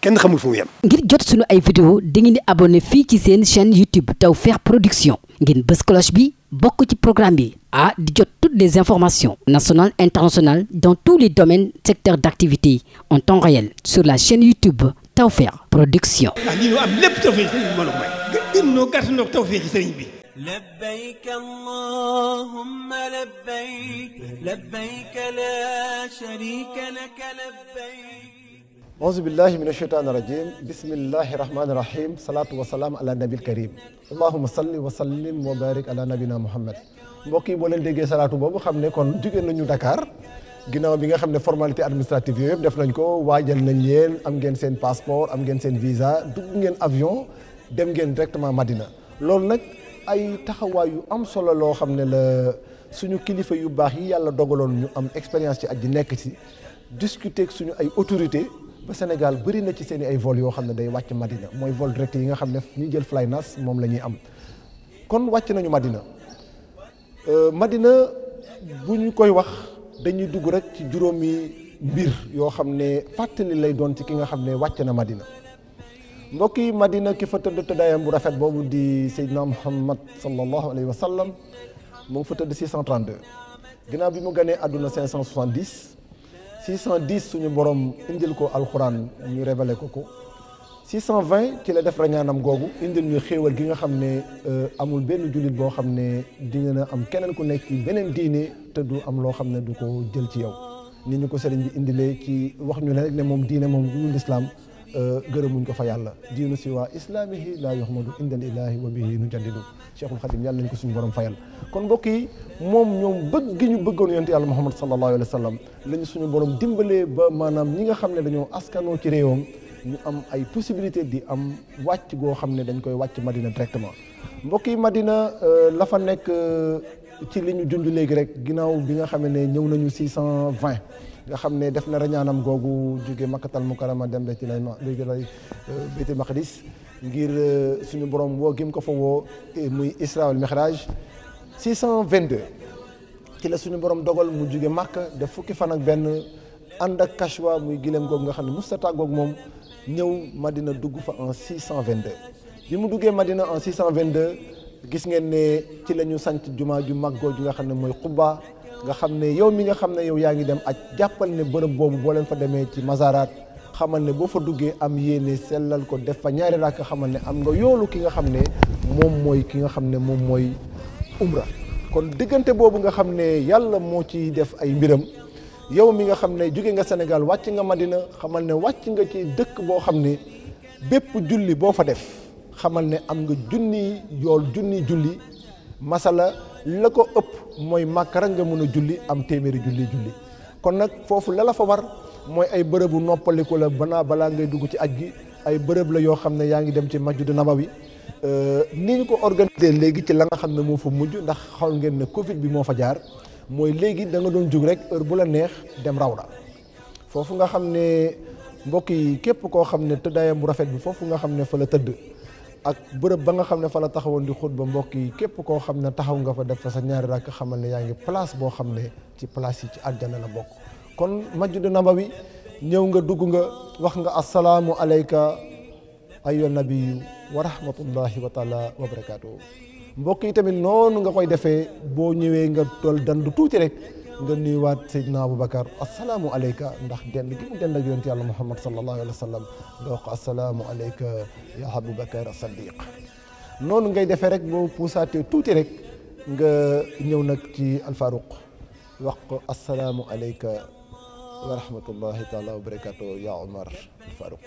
kenn xamul fu mu yem. ngir jot sunu ay vidéo dangeen di abonné fii ci seen chaîne YouTube Tawfekh Production ngeen bës bi bokk ci programme bi ah di jot toutes les informations nationales internationales dans tous les domaines secteurs d'activité en temps réel sur la chaîne YouTube Tawfekh Production. ah lii ñu am lépp tawfeex ci sëriñ bi bi. labbayk allahumma labbayk la sharika lak labbayk. auzu billahi min asheytaani rajim bismillahi rahmaani rahim salaatu wasalaam ala nabil karim allahuma salli wa sallim wa barik ala nabina muhammad mbokk yi boo leen déggee salaatu boobu xam ne kon jóge nañu Dakar ginnaaw bi nga xam ne formalité administrative yooyu yëpp def nañ ko waajal nañ leen am ngeen seen passeport am ngeen seen visa dugg ngeen avion dem ngeen directement Madina loolu nag ay taxawaay yu am solo loo xam ne la suñu kilifa yu baax yi yàlla dogaloon ñu am expérience ci aj nekk ci discuter suñu ay autorité ba Sénégal bëri na ci seen i ay vol yoo xam ne day wàcc Madina mooy vol direct yi nga xam ne ñuy jël Flynas moom la am kon wàcc nañu Madina euh, Madina bu ñu koy wax dañuy dugg rek ci juróomi mbir yoo xam ne fàttali lay doon ci ki nga xam ne wàcc na Madina mbokk yi Madina ki fa tëdd tëddaayam bu rafet boobu di Seydina Muhammad sallallahu alayhi wa sallam mu ngi fa tëdd 632 ginnaaw bi mu ganee àdduna 570. 610 suñu borom indil ko alxuraan ñu révélé ko ko 620 ci la def rañaanam googu indil ñu xéewal gi nga xam ne euh, amul benn jullit boo xam ne dina na am keneen ku nekk ci beneen diine te du am loo xam ne du ko jël ci yow. ni ñu ko sëriñ bi indilee ci wax ñu ne rek ne moom diine moom du lislaam Euh, gërëmuñ ko fa yàlla diinu si waa islaamihi laa yoxmadu indal ilaahi wa bihi nu jaddidu cheikhul xadim yàlla nañ ko suñu borom fayal kon mbokk yi moom ñoom bëgg gi ñu bëggoon yonent yàlla muhammad sallallahu alayhi wa sallam lañu suñu borom dimbalee ba maanaam ñi nga xam ne dañoo askanoo ci réewam ñu am ay possibilité di am wàcc goo xam ne dañ koy wàcc madina directement mbokk yi madina euh, la fa nekk euh, ci li ñu junj léegi rek ginnaaw bi nga xam ne ñëw nañu 620 nga xam ne def na rañaanam googu jóge makkatal mukarama dem beti lay béti maqdis ngir euh, suñu borom woo gim ko fa woo muy isra wal mihraj 622 ci la suñu borom dogal mu jóge màkk def fukki fan ak benn ànd ak kashwa muy gileem googu nga xam ne mustata googu moom ñëw madina dugg fa en 622 bi mu duggee madina en gis ngeen ne ci la ñu sanc jumaa ju mag gooju nga xam ne mooy xubba nga xam ne yow mi nga xam ne yow yaa ngi dem ak jàppal ne bërëb boobu boo leen fa demee ci masaraat xamal ne boo fa duggee am yéene sellal ko def fa ñaari rakk xamal ne am nga yoolu ki nga xam ne moom mooy ki nga xam ne moom mooy umra kon diggante boobu nga xam ne yàlla moo ci def ay mbiram yow mi nga xam ne jóge nga senegal wàcc nga Madina xamal ne wàcc nga ci dëkk boo xam ne bépp julli boo fa def xamal ne am nga junni yool junni julli masala la ko ëpp mooy màkkara nga mën a julli am téeméeri julli julli kon nag foofu la la fa war mooy ay bërëbu noppaliku la banaa balaa ngay dugg ci aj gi ay bërëb la yoo xam ne yaa ngi dem ci masjid Nabawi euh, ni ñu ko organisé léegi ci la nga xam ne moo fa mujj ndax xaw ngeen ne Covid bi moo fa jaar mooy léegi da nga doon jóg rek heure bu la neex dem rawda foofu nga xam ne mbokk yi képp koo xam ne tëddaayam bu rafet bi foofu nga xam ne fa la tëdd ak bërëb ba nga xam ne fa la taxawoon di xutba mbokk yi képp koo xam ne taxaw nga fa def fa sa ñaari rakk xamal ne yaa ngi place boo xam ne ci place yi ci àjjana la bokk kon maj Masjidu Nabawi ñëw nga dugg nga wax nga asalaamu aleyka ayyuha nabiyu wa rahmatullahi wa taala wa barakaatu mbokk yi tamit noonu nga koy defee boo ñëwee nga tol dandu tuuti rek nga nuyuwaat Seydina Aboubacar asalaamu aleyka ndax dend gi mu dend ak yonent yàlla Muhammad sallallahu alayhi wa sallam nga wax aleyka ya Aboubacar Sadiq noonu ngay defee rek boo puusaatee tuuti rek ñëw nag ci alfaruq ko asalaamu aleyka wa taala wa barakatu ya Omar alfaruq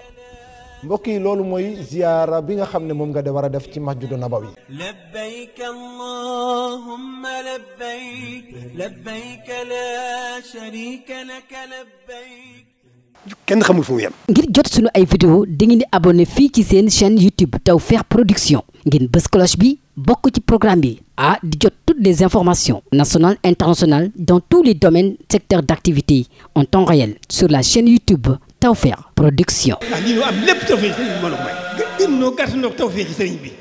mbokk yi loolu mooy ziyaara bi nga xam ne moom nga de war a def ci masjidu nabawi labbayk Allah لبيك لبيك لا شريك لك لبيك kenn xamul fu mu yem. ngir jot sunu ay vidéo dangeen di abonné fii ci seen chaîne YouTube Tawfekh Production ngeen bës cloche bi bokk ci programme bi ah di jot toutes les informations nationales internationales dans tous les domaines secteurs d'activité en temps réel sur la chaîne YouTube Tawfekh Production. ah lii am lépp tawfeex ci sëriñ bi mbooloo mooy. gën gën ñoo gàtt ñoo tawfeex ci sëriñ bi.